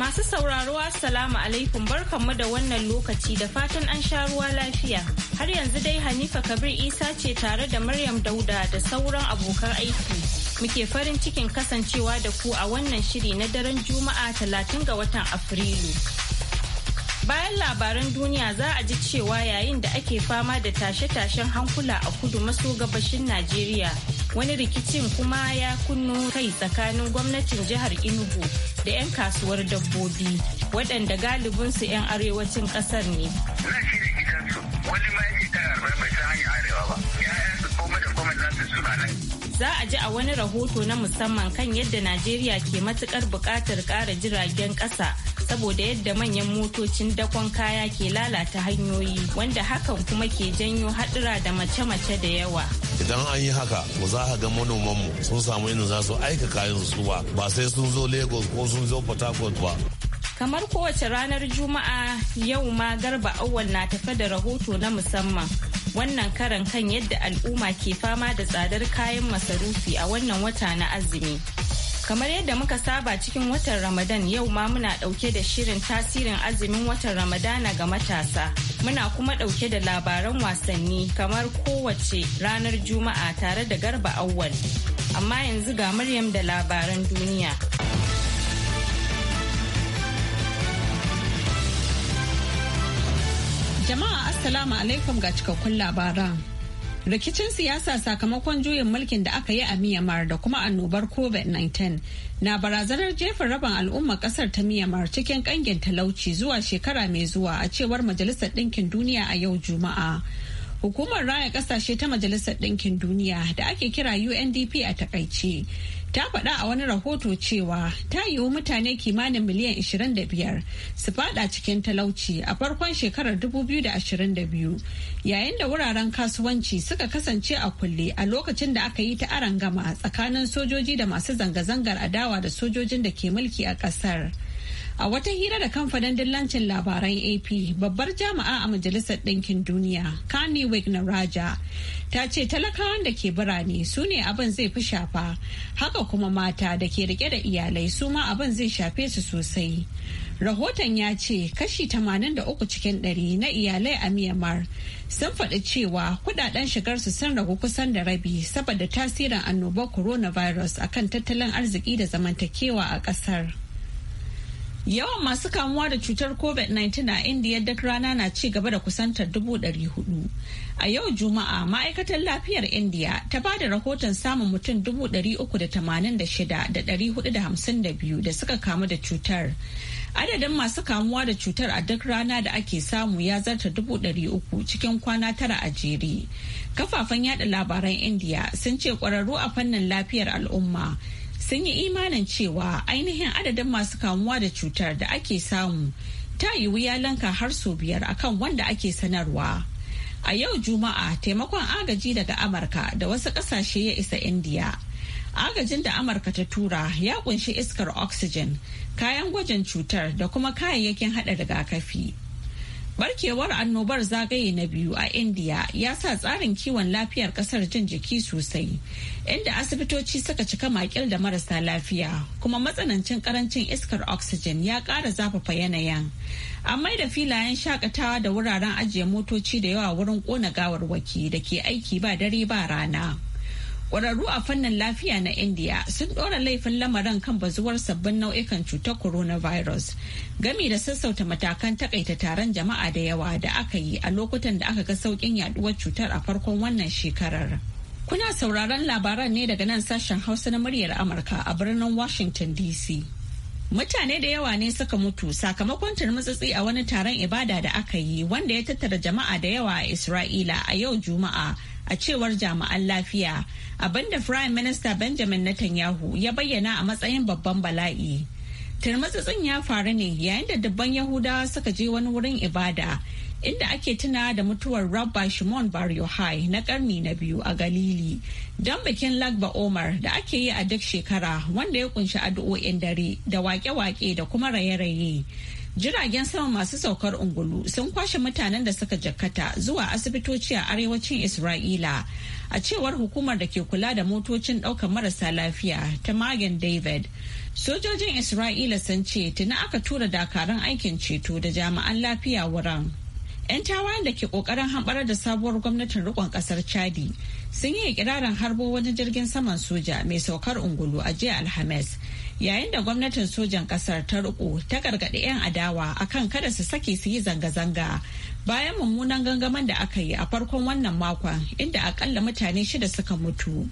Masu sauraro Assalamu alaikum barkanmu da wannan lokaci da fatan an sha ruwa lafiya. Har yanzu dai Hanifa Kabir Isa ce tare da Maryam Dauda da sauran abokan aiki. Muke farin cikin kasancewa da ku a wannan shiri na daren Juma'a 30 ga watan Afrilu. Bayan labaran duniya za a ji cewa yayin da ake fama da tashe-tashen hankula a kudu maso gabashin Najeriya. Wani rikicin kuma ya kunno kai tsakanin gwamnatin jihar Enugu da 'yan kasuwar dabbobi waɗanda galibinsu 'yan arewacin ƙasar ne. za a ji a wani rahoto na musamman kan yadda Najeriya ke matuƙar buƙatar ƙara jiragen ƙasa saboda yadda manyan motocin dakon kaya ke lalata hanyoyi wanda hakan kuma ke janyo haɗura da mace-mace da yawa. Idan an yi haka ba za ka ga manomanmu sun samu inda za su aika kayan su ba ba sai sun zo Lagos ko sun zo Port Harcourt ba. Kamar kowace ranar Juma'a yau ma garba awal na tafe da rahoto na musamman. Wannan karan kan yadda al'umma ke fama da tsadar kayan masarufi a wannan wata na azumi. Kamar yadda muka saba cikin watan Ramadan yau ma muna ɗauke da shirin tasirin azumin watan Ramadana ga matasa. Muna kuma ɗauke da labaran wasanni kamar kowace ranar Juma'a tare da Garba Awwal. Amma yanzu ga Maryam da labaran duniya. Jama'a Assalamu alaikum ga cikakkun labaran. Rikicin siyasa sakamakon juyin mulkin da aka yi a Myanmar da kuma annobar COVID-19 na barazanar jefin rabin al'umma kasar ta Myanmar cikin kangin talauci zuwa shekara mai zuwa a cewar Majalisar Ɗinkin Duniya a yau Juma'a. Hukumar raya kasashe ta Majalisar Ɗinkin Duniya da ake kira UNDP a takaice ta faɗa a wani rahoto cewa ta yiwu mutane kimanin miliyan 25 su fada cikin talauci a farkon shekarar 2022 yayin da wuraren kasuwanci suka kasance a kulle a lokacin da aka yi ta gama tsakanin sojoji da masu zanga-zangar adawa da sojojin da ke mulki a ƙasar. A wata hira da kamfanin dillancin labaran AP babbar jami'a a Majalisar Ɗinkin Duniya, Kani Raja ta ce talakawan da ke birane su ne abin zai fi shafa haka kuma mata da ke rike da iyalai su ma abin zai shafe su sosai rahoton ya ce kashi 83 cikin 100 na iyalai a myanmar sun faɗi cewa kudaden shigarsu sun ragu kusan da rabi saboda tasirin annobar coronavirus akan tattalin arziki da zamantakewa a ƙasar. Yawan masu kamuwa da cutar COVID-19 a Indiya duk rana na ci gaba da kusantar dubu ɗari hudu. A yau Juma'a ma'aikatar lafiyar Indiya ta ba da rahoton samun mutum dubu ɗari uku da tamanin da shida da ɗari hudu da hamsin da biyu da suka kamu da cutar. Adadin masu kamuwa da cutar a duk rana da ake samu ya zarta dubu ɗari uku cikin kwana tara a jere. Kafafen yada labaran Indiya sun ce ƙwararru a fannin lafiyar al'umma sun yi imanin cewa ainihin adadin masu kamuwa da cutar da ake samu ta yi ya lanka har sau biyar akan wanda ake sanarwa. A yau Juma'a taimakon agaji daga Amurka da wasu ƙasashe ya isa Indiya. Agajin da Amurka ta tura ya kunshi iskar oxygen, kayan gwajin cutar da kuma kayayyakin haɗa rigakafi. Barkewar annobar zagaye na biyu a India ya sa tsarin kiwon lafiyar kasar jin jiki sosai, inda asibitoci suka cika makil da marasa lafiya, kuma matsanancin karancin iskar oxygen ya ƙara zafafa yanayin. An da filayen shakatawa da wuraren ajiye motoci da yawa wurin ƙona gawarwaki da ke aiki ba dare ba rana. Kwararru a fannin lafiya na India sun ɗora laifin lamarin kan bazuwar sabbin nau'ikan cutar coronavirus gami da sassauta matakan takaita taron jama'a da yawa da aka yi a lokutan da aka ga sauƙin yaduwar cutar a farkon wannan shekarar. Kuna sauraron labaran ne daga nan sashen Hausa na muryar Amurka a birnin Washington DC. Mutane da yawa ne suka mutu sakamakon turmutsutsi a wani taron ibada da aka yi wanda ya tattara jama'a da yawa a Isra'ila a yau Juma'a a cewar jami'an lafiya abinda Prime Minister Benjamin Netanyahu ya bayyana a matsayin babban bala'i. Turmutsutsin ya faru ne yayin da dubban Yahudawa suka je wani wurin ibada inda ake tuna da mutuwar rabba shimon bar yohai na karni na biyu a galili don bikin lagba omar da ake yi a duk shekara wanda ya kunshi addu'o'in dare da wake-wake da kuma raye-raye jiragen sama masu saukar ungulu sun kwashe mutanen da suka jakkata zuwa asibitoci a arewacin isra'ila a cewar hukumar da ke kula da motocin ɗaukar marasa lafiya ta magen david sojojin isra'ila sun ce tuna aka tura dakarun aikin ceto da jami'an lafiya wurin 'Yan tawayen da ke kokarin hamɓarar da sabuwar gwamnatin rikon kasar Chadi sun yi ikirarin harbo wani jirgin saman soja mai saukar ungulu a jiya Alhamis yayin da gwamnatin sojan kasar ta riko ta gargaɗi 'yan adawa akan kada su sake su yi zanga-zanga bayan mummunan gangaman da aka yi a farkon wannan makon inda akalla mutane shida suka mutu.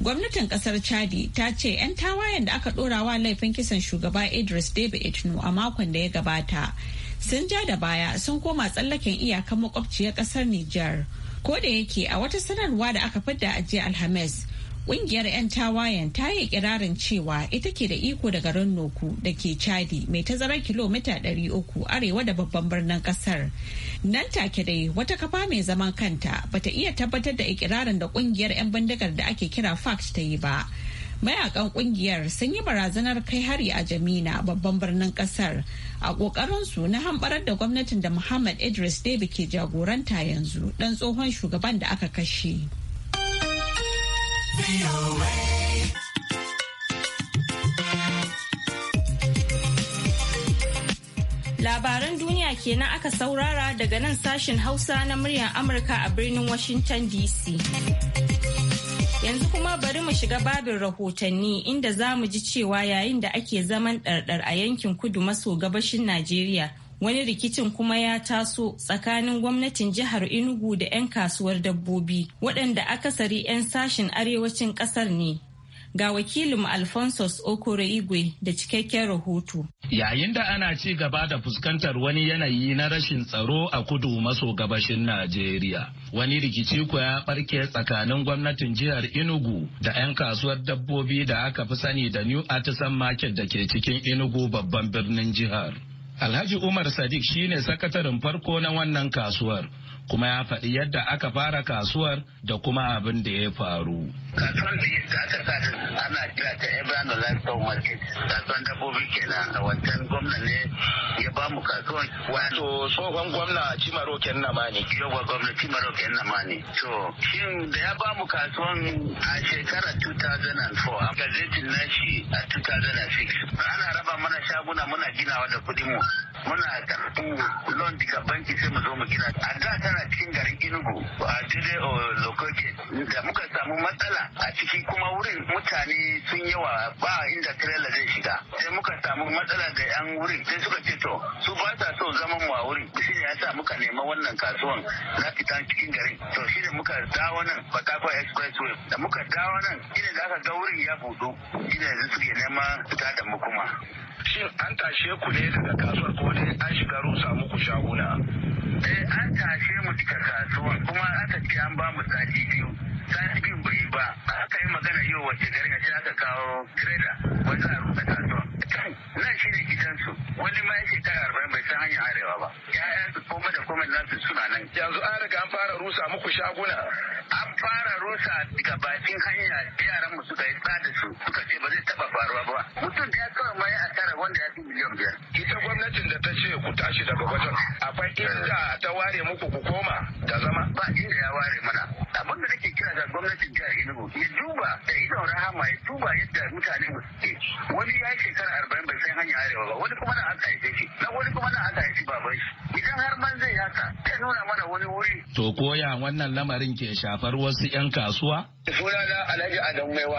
gwamnatin kasar chadi ta ce 'yan tawayen da aka dorawa laifin kisan shugaba idris david etno a makon da ya gabata sun ja da baya sun koma tsallaken iyakan makwabciyar kasar Nijar. Ko da yake a wata sanarwa da aka fidda a jiya Alhamis, ƙungiyar 'yan tawayen ta yi kirarin cewa ita ke da iko daga garin da ke Chadi mai tazarar kilomita 300 arewa da babban birnin kasar. Nan take dai wata kafa mai zaman kanta bata iya tabbatar da ikirarin da ƙungiyar 'yan bindigar da ake kira FACT ta yi ba. mayakan kungiyar sun yi barazanar kai hari a jamina babban birnin kasar a su na hambarar da gwamnatin da muhammad idris debi ke jagoranta yanzu dan tsohon shugaban da aka kashe labaran duniya kenan aka saurara daga nan sashen hausa na muryar amurka a birnin washington dc Yanzu kuma bari mu shiga babin rahotanni inda za mu ji cewa yayin da ake zaman ɗarɗar a yankin kudu maso gabashin Najeriya wani rikicin kuma ya taso tsakanin gwamnatin jihar Enugu da 'yan kasuwar dabbobi waɗanda akasari 'yan sashen arewacin ƙasar ne Ga wakilin Alphonsus Okoro Igwe da cikakken rahoto. Yayin da ana ci gaba da fuskantar wani yanayi na rashin tsaro a kudu maso gabashin Najeriya. Wani rikici ku ya barke tsakanin gwamnatin jihar inugu da 'yan kasuwar dabbobi da aka fi sani da New Artisan Market da ke cikin inugu babban birnin jihar. Alhaji Umar Sadiq shine sakataren farko na wannan kasuwar. kuma ya faɗi yadda aka fara kasuwar da kuma abin da ya faru. Kasuwar da aka ina ta Ibrahim Livestock Market kasuwan dabbobi kenan a wancan gwamna ne ya ba mu kasuwan wato tsohon gwamna Cimaro Kenna Mani yawa gwamna Cimaro Kenna Mani to shin da ya ba mu kasuwan a shekara 2004 a gazetin nashi a 2006 ana raba mana shaguna muna ginawa da kuɗin mu muna karɓi loan daga banki sai mu zo mu gina a da tana cikin garin Enugu a Jide Lokoke da muka samu matsala a ciki kuma wurin mutane sun yawa ba inda trailer zai shiga sai muka samu matsala da yan wurin sai suka ce to su ba sa so zaman mu a wurin shi ne yasa muka nema wannan kasuwan na fita cikin garin to shi ne muka dawo nan Fatakwa Expressway da muka dawo nan shi ne da aka ga wurin ya budo shi ne yanzu suke nema fita da mu kuma shin an tashe ku ne daga kasuwar ko ne an shiga rusa muku shaguna eh an tashe mu daga kasuwan kuma an an ba mu sati biyu sati biyu bai ba aka yi magana yau wace garin a aka kawo trader wanda a rusa kasuwa kai nan shi ne gidansu wani ma ta arba'in bai san hanyar arewa ba yaya su koma da koma nasu suna nan yanzu an riga an fara rusa muku shaguna an fara rusa daga bakin hanya yaran mu suka yi tsada su suka ce ba zai taba faruwa ba mutum da ya kawo ma ya asara wanda ya fi miliyan biyar ita gwamnatin da ta ce ku tashi daga wajen akwai inda ta ware muku ku koma da zama ba inda ya ware mana abin da nake kira ga gwamnatin jihar Enugu ya duba da idon rahama ya duba yadda mutane mu suke wani ya shekara arba'in bai san hanyar arewa ba wani kuma na aka haife shi na wani kuma na aka haifi baban shi idan har man zai haka zai nuna mana wani wuri. to koya wannan lamarin ke shafar wasu 'yan kasuwa? suna na alhaji adam ko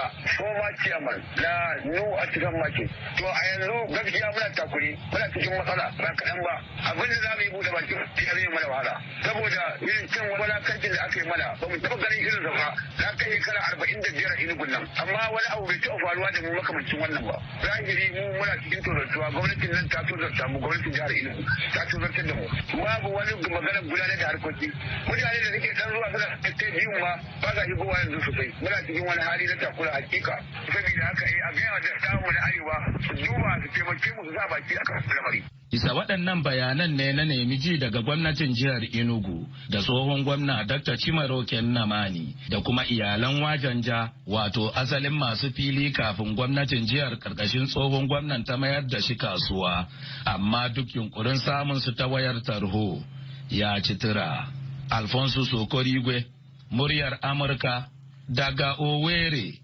ma chairman na nu a cikin market to a yanzu gaskiya muna takuri muna cikin matsala ba kadan ba abinda da za mu yi buɗe baki ya zai mana wahala saboda irin cin wulakancin da aka yi mana ba mu taɓa ganin irin sa ba na kai kana arba'in da biyar a inugun nan amma wani abu bai taɓa faruwa da mu makamancin wannan ba zahiri mu muna cikin tozartuwa gwamnatin nan ta tozarta mu gwamnatin jihar inugu ta tozartar da mu babu wani maganar gudanar da harkoki mutane da suke ɗan zuwa suna kai biyun ma ba yi shigowa yanzu su sosai muna cikin wani hali na takura hakika saboda haka eh, a da samu na arewa su duba su taimake mu su sa baki a kan lamari Bisa waɗannan bayanan ne na nemi ji daga gwamnatin jihar Enugu da tsohon gwamna Dr. Chimaroken Namani da kuma iyalan wajenja wato asalin masu fili kafin gwamnatin jihar ƙarƙashin tsohon gwamnan ta mayar da shi kasuwa amma duk yunkurin samun su ta wayar tarho ya citira tura. Alfonso Sokorigwe, muryar Amurka daga Owerri,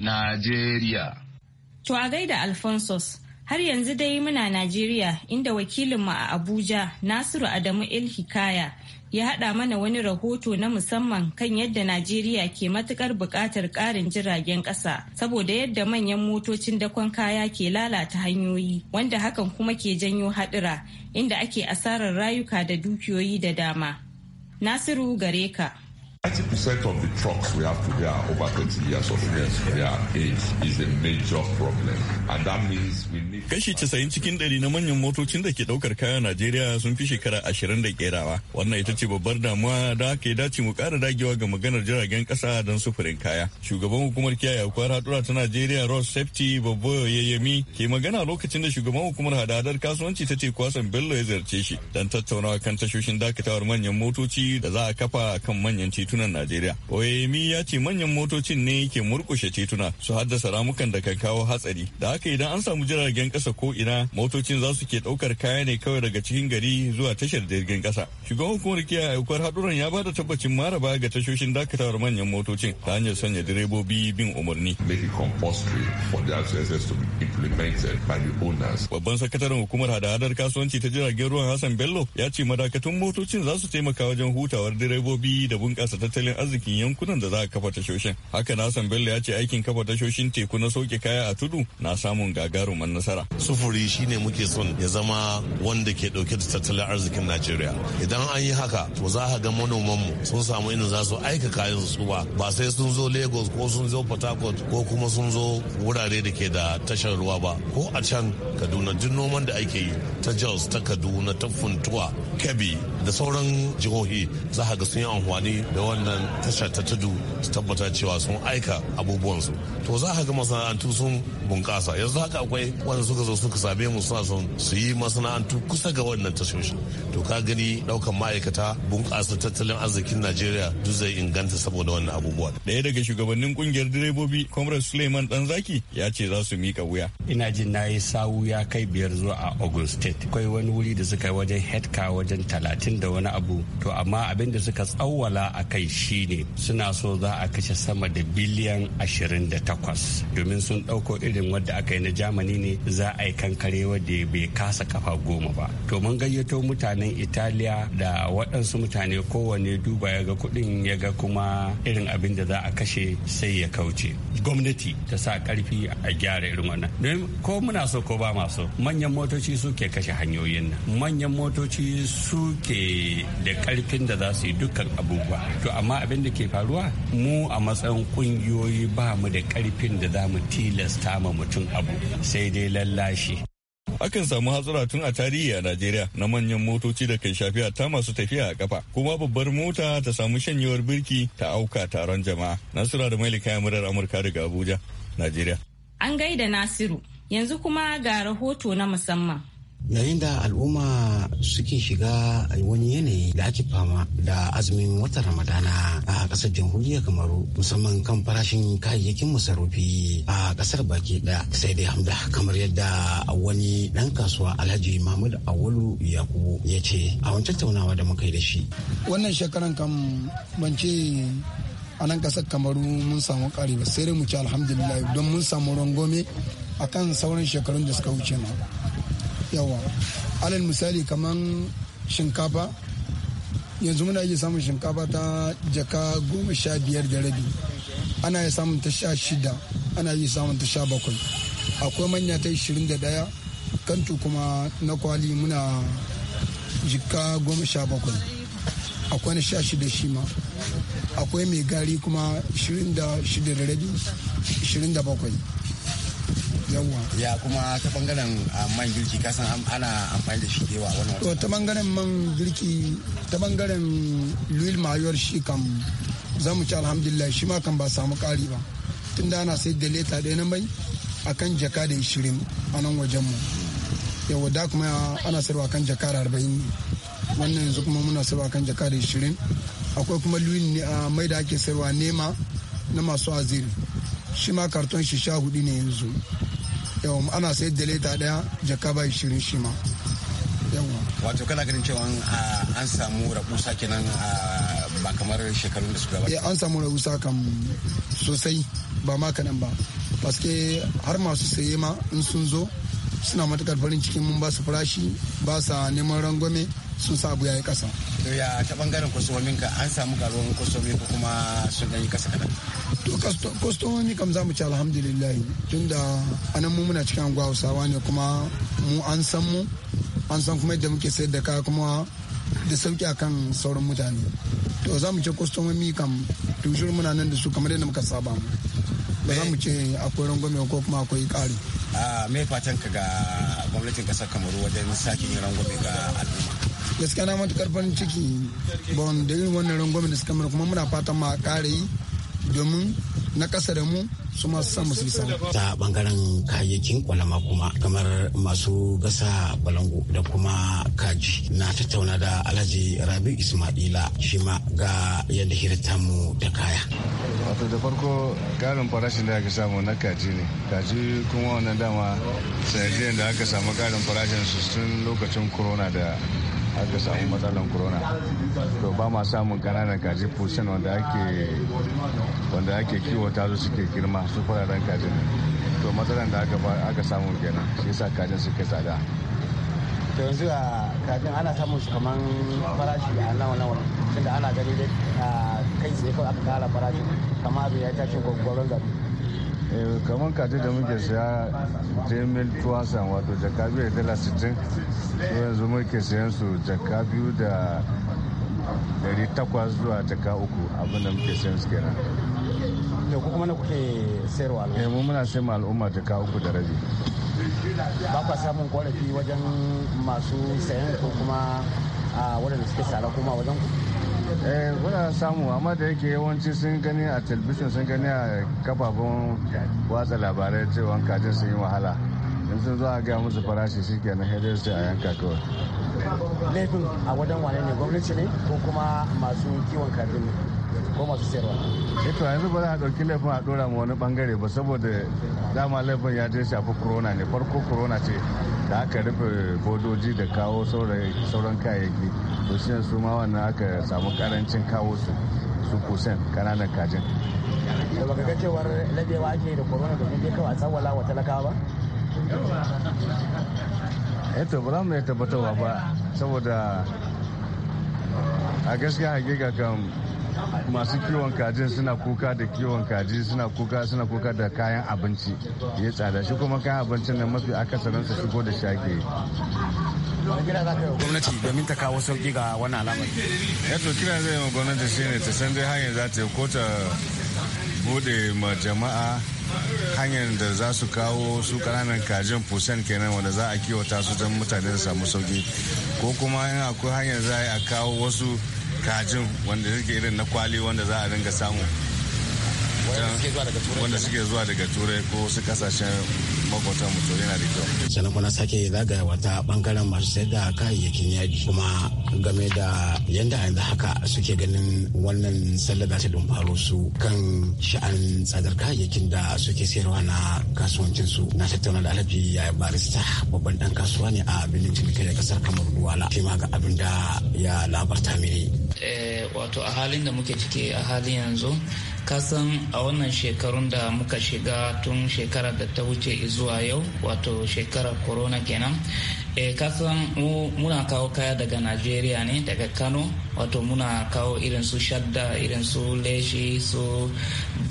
Najeriya. To a gaida Alphonsus, har yanzu dai muna Najeriya inda wakilinmu a Abuja Nasiru Adamu ilhikaya ya haɗa mana wani rahoto na musamman kan yadda Najeriya ke matuƙar buƙatar ƙarin jiragen ƙasa saboda yadda manyan motocin dakon kaya ke lalata hanyoyi wanda hakan kuma ke janyo haɗura inda ake asarar rayuka da dukiyoyi da dama. Nasiru gare ka. 90% of the trucks we have today are over 20 years of yes. their age is a major problem. And that means we need Kashi casa'in cikin ɗari na manyan motocin da ke ɗaukar kayan Najeriya sun fi shekara ashirin da kerawa. Wannan ita ce babbar damuwa da aka yi dace mu ƙara dagewa ga maganar jiragen ƙasa don sufurin kaya. Shugaban hukumar kiyaye akwai haɗura ta Najeriya Ross Safety babbo yayyami ke magana lokacin da shugaban hukumar hadadar kasuwanci ta ce kwasan Bello ya ziyarce shi don tattaunawa kan tashoshin dakatawar manyan motoci da za a kafa kan manyan titunan Najeriya. Oyemi ya ce manyan motocin ne ke murkushe tituna su haddasa ramukan da kan kawo hatsari. Da haka idan an samu jiragen kasa ko ina motocin za su ke ɗaukar kaya ne kawai daga cikin gari zuwa tashar jirgin kasa. Shugaban hukumar kiyaye aukuwar haduran ya bada tabbacin maraba ga tashoshin dakatawar manyan motocin ta hanyar sanya direbobi bin umarni. Babban sakataren hukumar hada-hadar kasuwanci ta jiragen ruwan Hassan Bello ya ce madakatun motocin za su taimaka wajen hutawar direbobi da bunƙasa tattalin arzikin yankunan da za a kafa tashoshin. Haka Hassan Bello ya ce aikin kafa tashoshin teku na soke kaya a tudu na samun gagarumar nasara. sufuri shine muke son ya zama wanda ke dauke da tattalin arzikin najeriya idan an yi haka to za ka ga manomanmu sun samu inda za su aika kayan su ba ba sai sun zo lagos ko sun zo port ko kuma sun zo wurare da ke da tashar ruwa ba ko a can kaduna duk noman da ake yi ta jos ta kaduna ta funtuwa kebbi da sauran jihohi za ka ga sun yi amfani da wannan tashar ta tudu su tabbata cewa sun aika abubuwansu to za ka ga masana'antu sun bunƙasa yanzu haka akwai wani suka zo suka same mu suna son su yi masana'antu kusa ga wannan tashoshi to ka gani daukan ma'aikata bunƙasa tattalin arzikin najeriya duk zai inganta saboda wannan abubuwa ɗaya daga shugabannin kungiyar direbobi comrade suleiman danzaki ya ce za su mika wuya ina jin na yi sawu ya kai biyar zuwa a ogun state akwai wani wuri da suka yi wajen headcar wajen talatin da wani abu to amma abin da suka tsawwala a kai shine suna so za a kashe sama da biliyan ashirin da takwas domin sun ɗauko irin wadda aka yi na jamani ne za a yi kankare wadda bai kasa kafa goma ba to mun gayyato mutanen italiya da waɗansu mutane kowane duba ya ga kuɗin ya ga kuma irin abin da za a kashe sai ya kauce gwamnati ta sa ƙarfi a gyara irin wannan don ko muna so ko ba ma so manyan motoci suke kashe hanyoyin nan manyan motoci suke da ƙarfin da za su yi dukkan abubuwa to amma abin da ke faruwa mu a matsayin ƙungiyoyi ba mu da ƙarfin da za mu tilasta ma mutum abu sai dai lashe. Akan samu hatsura tun a tarihi a Najeriya na manyan motoci da kan shafi ta masu tafiya a kafa kuma babbar mota ta samu shanyewar birki ta auka taron jama'a. Nasura da Mailika ya murar Amurka daga Abuja, Najeriya. An gaida Nasiru, yanzu kuma ga rahoto na musamman. yayin da al'umma suke shiga wani yanayi da ake fama da azumin wata ramadana a kasar jamhuriyar kamaru musamman kan farashin kayayyakin masarufi a kasar baki da sai dai hamda kamar yadda wani dan kasuwa alhaji mahmud Awolu yakubu ya ce a wancan taunawa da muka yi da shi wannan shekaran kan bance a nan kasar kamaru mun samu ƙari ba sai dai mu ci alhamdulillah don mun samu rangome akan sauran shekarun da suka wuce na yawa alal misali kamar shinkafa yanzu muna iya samun shinkafa ta jaka goma sha biyar da rabi ana iya samun ta sha shida ana iya samun ta sha bakwai akwai manya ta ishirin da daya kantu kuma na kwali muna jika goma sha bakwai akwai na sha shida shi ma akwai mai gari kuma ishirin da shida da rabi ishirin da bakwai yawa ya kuma ta bangaren ah, man girki kasan ana amfani da shi da yawa wannan to ta bangaren man girki ta bangaren luil mayor shi kan za mu ci alhamdulillah shi ma kan ba samu kari ba tun da ana sai da leta ɗaya na mai akan jaka da ishirin a nan wajen mu yawa da kuma ana sarwa kan jaka da arba'in wannan yanzu kuma muna sarwa kan jaka da ishirin akwai kuma a ah, mai da ake sarwa nema na masu azir shi ma karton shi sha hudu ne yanzu yawon ana sai da leta daya jaka ba shirin shi ma yawa wato kana ganin cewa an samu rahusa kenan ba kamar shekarun da suka gabata eh, an samu rahusa kan sosai ba ma kanan ba paske har masu saye ma in sun zo suna matukar farin cikin mun ba su farashi ba sa neman rangwame sun sa abu yayi kasa. ya ta bangaren kwasomin ka an samu karuwan kwasomi ko kuma sun yi kasa kadan. to kwastomomi kam za mu ci alhamdulillah tunda anan mu muna cikin anguwa hausawa ne kuma mu an san mu an san kuma yadda muke sayar da kaya kuma da sauki akan sauran mutane to za mu ce kwastomomi kam tujur muna nan da su kamar yadda muka saba mu ba za mu ce akwai rangwame ko kuma akwai ƙari me fatan ka ga gwamnatin kasar kamaru wajen sake yin rangwame ga al'umma gaskiya na matukar farin ciki ba wanda irin wannan rangwame da suka mara kuma muna fatan ma ƙara yi domin na kasa da mu su masu sa musu bisa ta bangaren kayayyakin kwalama kuma kamar masu gasa balangu da kuma kaji na tattauna da alhaji rabi ismaila shi ma ga yadda hirta mu da kaya wato da farko karin farashin da aka samu na kaji ne kaji kuma wannan dama sanadiyar da aka samu karin farashin su tun lokacin corona da aka samu matsalan corona to ba ma samun kananan kaji fusin wanda ake kiwo ta kiwata su suke girma su fararen kajin to matsalan da aka samu kenan shi yasa kajin suke tsada to yanzu a kajin ana samun su kaman farashi a nan wani tunda ana gani dai kai tsaye kawai aka kara farashi kama abin ya tashi gwagwaron gari Eh, kamar kaji da muke siya jemil tuwasan wato jaka biyu da dala 60 so yanzu muke siyan su jaka biyu da 800 zuwa jaka uku abinda muke siyan su kenan ne ko kuma na kuke sayarwa al'umma? Eh, mu muna sayar ma al'umma jaka uku da rabi ba kwa samun korafi wajen masu sayan ko kuma ah, waɗanda suke sara kuma wajen ku eh kuna samu amma da yake yawanci sun gani a talbishin sun gani a kafafen watsa labarai cewa kajin sun yi wahala in sun zo a gaya musu farashi shi ke na hedar su a yanka kawai laifin a wajen wane ne gwamnati ne ko kuma masu kiwon kajin ne ko masu sayarwa ito eh yanzu ba za a ɗauki laifin a ɗora ma wani bangare ba saboda dama laifin ya je shafi corona ne farko corona ce da aka rufe bodoji da kawo sauran kayayyaki to shi su ma wannan aka samu karancin kawo su su kusan kananan kajin da baka ga cewar labewa ake da corona domin dai kawai a tsawala wa talakawa ba eto eh ba za mu iya tabbatarwa ba saboda a gaskiya hakika kan masu kiwon kaji suna kuka da kiwon kaji suna kuka suna kuka da kayan abinci ya tsada shi kuma kayan abincin nan mafi su shigo da shake gwamnati domin ta kawo sauki ga wani alamar ya eh to kira zai yi gwamnati shine ta san dai hanyar za ta ko ta bude ma jama'a hanyar da za su kawo su kananan kajin fusen kenan wanda za a kiwata su don mutane su samu sauki ko kuma in akwai hanyar za a kawo wasu kajin wanda suke irin na kwali wanda za a dinga samu wanda suke zuwa daga turai ko wasu kasashen makwata mu yana da kyau sannan sake zagaya wata bangaren masu sayar da kayayyakin yaji kuma game da yanda yanzu haka suke ganin wannan sallar za ta dumfaro su kan sha'an tsadar kayayyakin da suke sayarwa na kasuwancin su na tattauna da alhaji ya barista babban dan kasuwa ne a birnin ciniki da kasar kamar duwala shi ma ga abin da ya labarta mini eh, wato a halin da muke ciki a halin yanzu kasan a wannan shekarun da muka shiga tun shekarar da ta wuce izu zuwa yau wato shekarar corona kenan eh kasan mu muna kawo kaya daga najeriya ne daga kano wato muna kawo irin su shadda irin su leshi su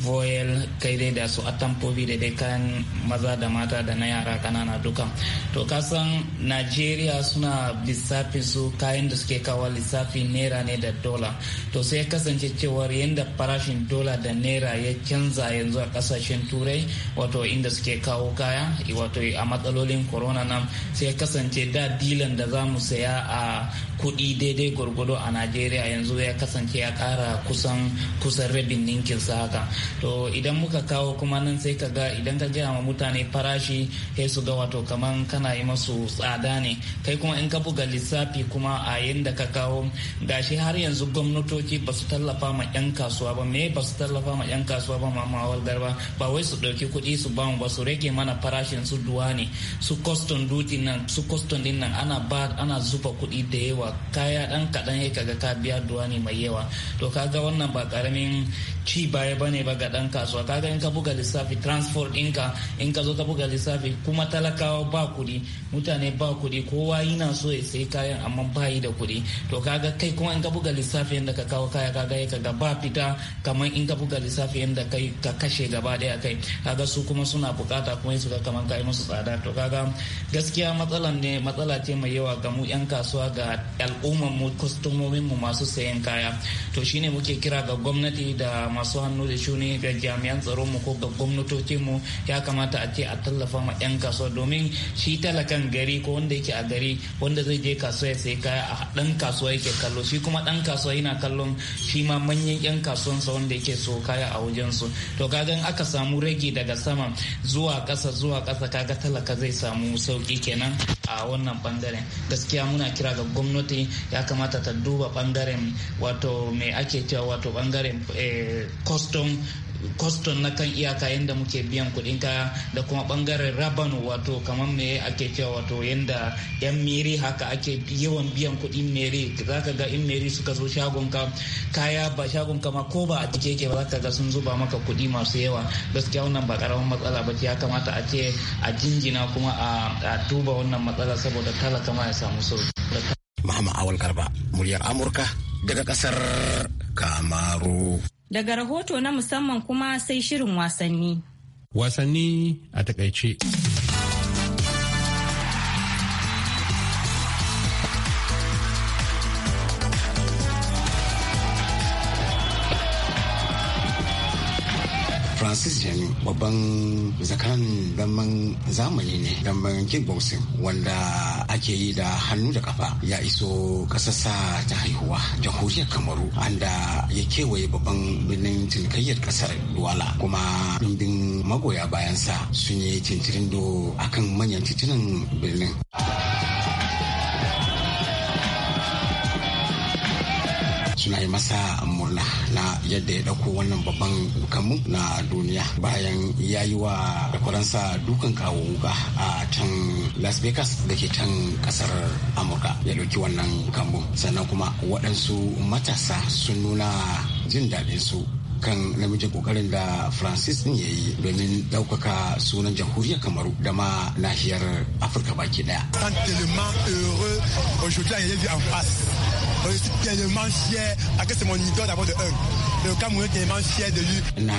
voyel kai dai da su atamfobi da dai kayan maza da mata da na yara kanana duka to kasan najeriya suna lissafi su kayan da suke kawo lissafi naira ne da dola to sai kasance cewar yadda farashin dola da naira ya canza yanzu a kasashen turai wato inda suke kawo kaya wato a matsalolin corona nan sai kasance kasance da dilan da za mu saya a kuɗi daidai gwargwado a najeriya yanzu ya kasance ya ƙara kusan kusan rabin ninkin sa haka to idan muka kawo kuma nan sai ka ga idan ka gaya ma mutane farashi sai su ga wato kaman kana yi masu tsada ne kai kuma in ka buga lissafi kuma a yadda ka kawo gashi har yanzu gwamnatoci ba su tallafa ma 'yan kasuwa ba me ba su tallafa ma 'yan kasuwa ba ma garba ba wai su ɗauki kuɗi su mu ba su rage mana farashin su duwa ne su custom duty nan su custom din nan ana ba ana zuba kuɗi da yawa kaya dan kaɗan ya kaga ka biya duwa ne mai yawa to kaga wannan ba karamin ci baya bane ba ga dan kasuwa kaga in ka buga lissafi transport inka in ka zo ka buga lissafi kuma talakawa ba kuɗi mutane ba kuɗi kowa yana so ya sai kayan amma ba yi da kuɗi to kaga kai kuma in ka buga lissafi yadda ka kawo kaya kaga ya kaga ba fita kamar in ka buga lissafi yadda kai ka kashe gaba daya kai kaga su kuma suna bukata kuma su ga kamar kai musu tsada to kaga gaskiya matsalan ne matsala ce mai yawa ga mu yan kasuwa ga al'ummar mu kwastomomin mu masu sayan kaya to shine muke kira ga gwamnati da masu hannu da shuni ga jami'an tsaron mu ko ga gwamnatocin mu ya kamata a ce a tallafa ma yan kasuwa domin shi talakan gari ko wanda yake a gari wanda zai je kasuwa ya sayi kaya a dan kasuwa yake kallo shi kuma dan kasuwa yana kallon shi ma manyan yan kasuwansa wanda yake so kaya a wajen su to kagan aka samu rage daga sama zuwa ƙasa zuwa ƙasa kaga talaka zai samu sauki kenan a wannan bangaren gaskiya muna kira ga gwamnati ya kamata ta duba bangaren wato mai ake cewa wato bangaren eh, custom kwaston na kan iyaka yadda muke biyan kuɗin kaya da kuma ɓangaren rabanu wato kamar me ake cewa wato yadda yan meri haka ake yawan biyan kuɗin meri ka ga in meri suka zo ka kaya ba shagon ka ma ko ba a cike yake ba zaka ga sun zuba maka kuɗi masu yawa gaskiya wannan ba karamin matsala ba ya kamata a ce a jinjina kuma a duba wannan matsala saboda talaka ma ya samu sauki. Muhammad Awal Garba, muryar Amurka daga kasar Kamaru. Daga rahoto na musamman kuma sai shirin wasanni. Wasanni a takaice. francis jami babban zakan damban zamani ne damban kickboxing wanda ake yi da hannu da kafa ya iso kasasa ta haihuwa jamhuriyar kamaru anda ya kewaye babban birnin cinikayyar kasar duwala kuma dimbin magoya bayansa sun yi cincirindo akan manyan titunan birnin. suna yi masa murna na yadda ya ɗauko wannan babban kamu na duniya bayan ya yi wa takwaransa dukan kawo wuka a can las vegas da ke can ƙasar amurka ya ɗauki wannan kamu sannan kuma waɗansu matasa sun nuna jin daɗinsu kan namijin kokarin da francis din ya yi domin daukaka sunan jamhuriyar kamaru da ma nahiyar afirka baki daya On est tellement fier à que c'est mon idole d'abord de un. Le Cameroun est tellement fier de lui. Na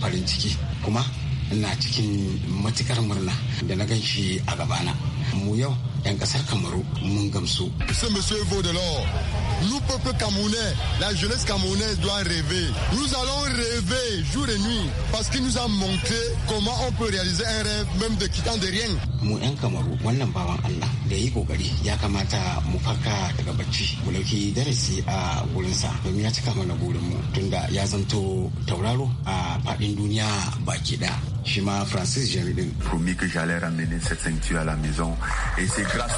farin ciki kuma na cikin matukar murna da na gan shi a gabana. Mu 'yan kasar Kamaru mun gamsu. Ce monsieur vaut de l'or. Nous, peuple camerounais, la jeunesse camerounaise doit rêver. Nous allons rêver jour et nuit parce qu'il nous a montré comment on peut réaliser un rêve même de quittant de rien. Promis que j'allais ramener cette ceinture à la maison et c'est grâce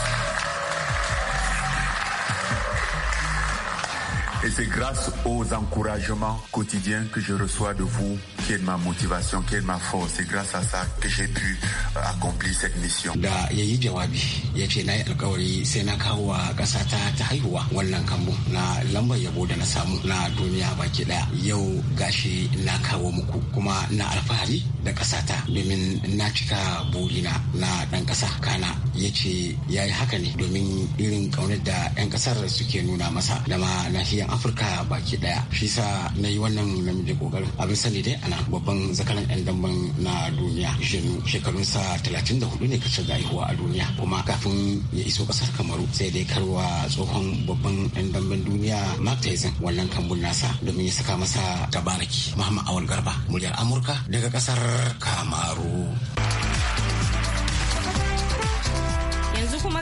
Et c'est grâce aux encouragements quotidiens que je reçois de vous qui ma motivation, qui est de ma force. C'est grâce à ça que j'ai pu euh, accomplir cette mission. Da ya yi jawabi ya ce na yi alkawari sai na kawo wa ƙasa ta haihuwa wannan kambu na lamba yabo da na samu na duniya baki daya. Yau gashi na kawo muku kuma na alfahari da ƙasa domin na cika burina na ɗan ƙasa kana ya ce ya yi haka ne domin irin ƙaunar da 'yan ƙasar suke nuna masa da ma nahiyar afirka baki daya shi sa na yi wannan namiji kokarin abin sani dai ana babban zakaran yan damben na duniya shekarunsa talatin da hudu ne kasar da haihuwa a duniya kuma kafin ya iso kasar kamaru sai dai karwa tsohon babban yan damben duniya mark tyson wannan kambun nasa domin ya saka masa tabaraki muhammad awal garba muryar amurka daga kasar kamaru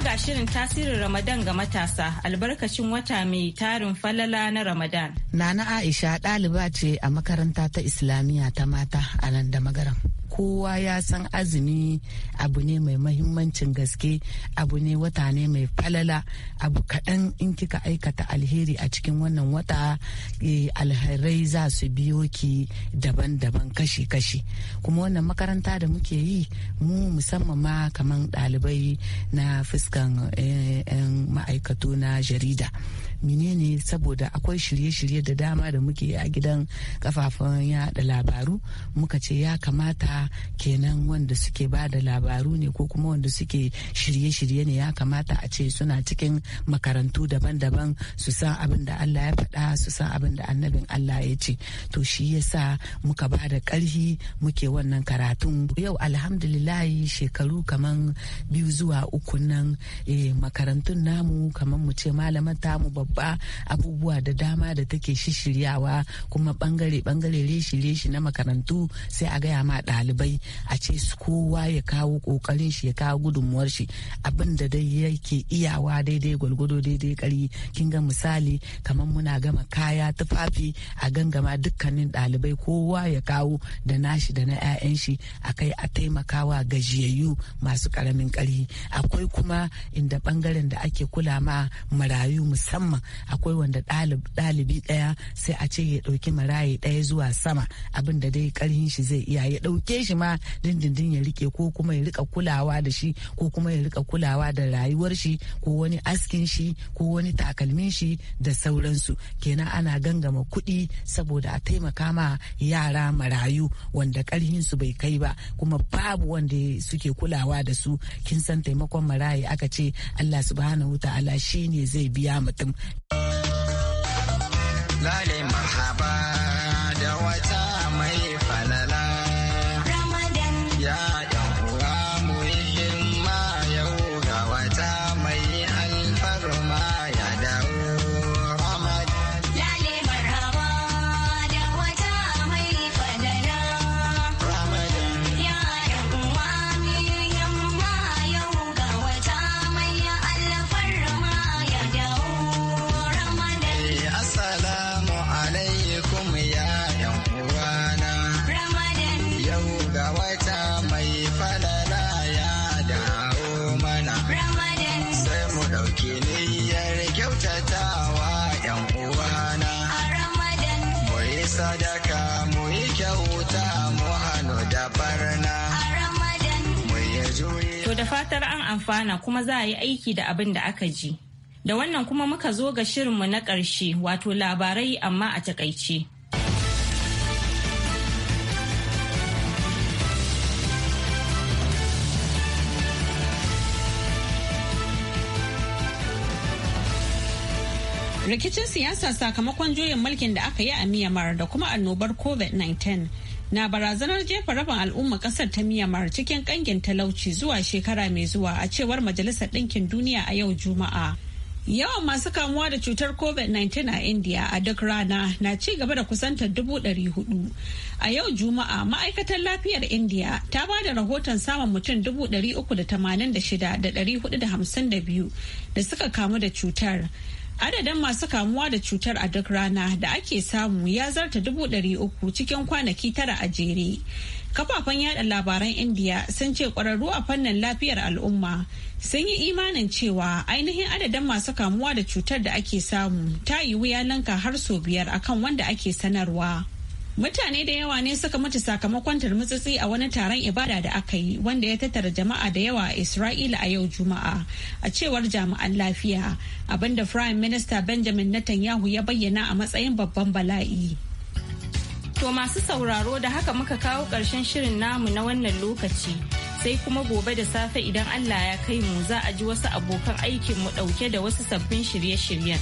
ga shirin tasirin Ramadan ga matasa albarkacin wata mai tarin falala na Ramadan. Nana Aisha ɗaliba ce a makaranta ta Islamiyya ta mata a nan da magaran. kowa ya san azumi abu ne mai mahimmancin gaske abu ne wata ne mai falala abu kaɗan in kika aikata alheri a cikin wannan wata e, alherai za su biyo ki daban-daban kashi-kashi kuma wannan makaranta da muke yi mu musamman ma kamar ɗalibai na fuska dukkan 'yan eh, eh, ma'aikatu na jarida menene saboda akwai shirye-shirye da dama da muke a gidan kafafen yada labaru muka ce ya kamata kenan wanda suke ba da labaru ne ko kuma wanda suke shirye-shirye ne ya kamata a ce suna cikin makarantu daban-daban su san abin da Allah ya faɗa su san abin da annabin Allah ya ce to shi yasa muka ba da ƙarfi muke wannan karatun yau alhamdulillahi shekaru kaman biyu zuwa uku nan eh, makarantun namu kaman mu ce malaman tamu babba abubuwa da dama da take shishiryawa kuma bangare-bangare reshi-reshi na makarantu sai a gaya ma dalibai a ce kowa ya kawo kokarin shi ya kawo gudunmuwar shi abin da dai yake iyawa daidai gwalgwado daidai kari kin ga misali kamar muna gama kaya tufafi a gangama dukkanin dalibai kowa ya kawo da nashi da na 'ya'yan shi a kai a taimakawa gajiyayyu masu karamin kari akwai kuma inda bangaren da ake kula ma marayu musamman sama akwai wanda ɗalibi ɗaya sai a ce ya ɗauki maraye ɗaya zuwa sama abin da dai ƙarhin shi zai iya ya ɗauke shi ma dindindin ya rike ko kuma ya rika kulawa da shi ko kuma ya rika kulawa da rayuwar shi ko wani askin shi ko wani takalmin shi da sauransu kenan ana gangama kuɗi saboda a taimaka ma yara marayu wanda ƙarhin su bai kai ba kuma babu wanda suke kulawa da su kin san taimakon maraye aka ce Allah subhanahu ta'ala shi ne zai biya mutum Lale marhaba da wata mai amfana kuma za a yi aiki da abin da aka ji. Da wannan kuma muka zo ga shirinmu na ƙarshe wato labarai amma a takaice. Rikicin siyasa sakamakon juyin mulkin da aka yi a Myanmar da kuma annobar COVID-19 na barazanar jefa rabin al'umma kasar ta Myanmar cikin kangin talauci zuwa shekara mai zuwa a cewar Majalisar Ɗinkin Duniya a yau Juma'a. Yawan masu kamuwa da cutar COVID-19 a India a duk rana na ci gaba da kusantar dubu hudu. A yau Juma'a ma'aikatar lafiyar India ta ba da rahoton samun mutum dubu da tamanin da shida da hudu hamsin da biyu da suka kamu da cutar. Adadin masu kamuwa da cutar a duk rana da ake samu ya zarta dubu ɗari uku cikin kwanaki tara a jere. Kafafen yada labaran indiya sun ce ƙwararru a fannin lafiyar al'umma sun yi imanin cewa ainihin adadin masu kamuwa da cutar da ake samu ta yi wuya lanka har sau biyar akan wanda ake sanarwa. Mutane da yawa ne suka mutu sakamakon turmutsutsi a wani taron ibada da aka yi wanda ya tattara jama'a da yawa a Isra'ila a yau Juma'a a cewar jami'an lafiya abinda Prime Minister Benjamin Netanyahu ya bayyana a matsayin babban bala'i. To masu sauraro da haka muka kawo ƙarshen shirin namu na wannan lokaci sai kuma gobe da safe idan Allah ya kai mu za a ji wasu abokan aikinmu ɗauke da wasu sabbin shirye-shiryen.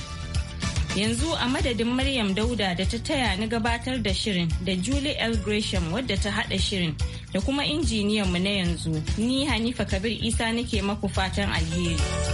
Yanzu a madadin Maryam Dauda da ta taya ni gabatar da shirin da Julie L. Gresham wadda ta haɗa shirin da kuma injiniyan mu na yanzu, ni Hanifa Kabir Isa nake maku fatan alheri.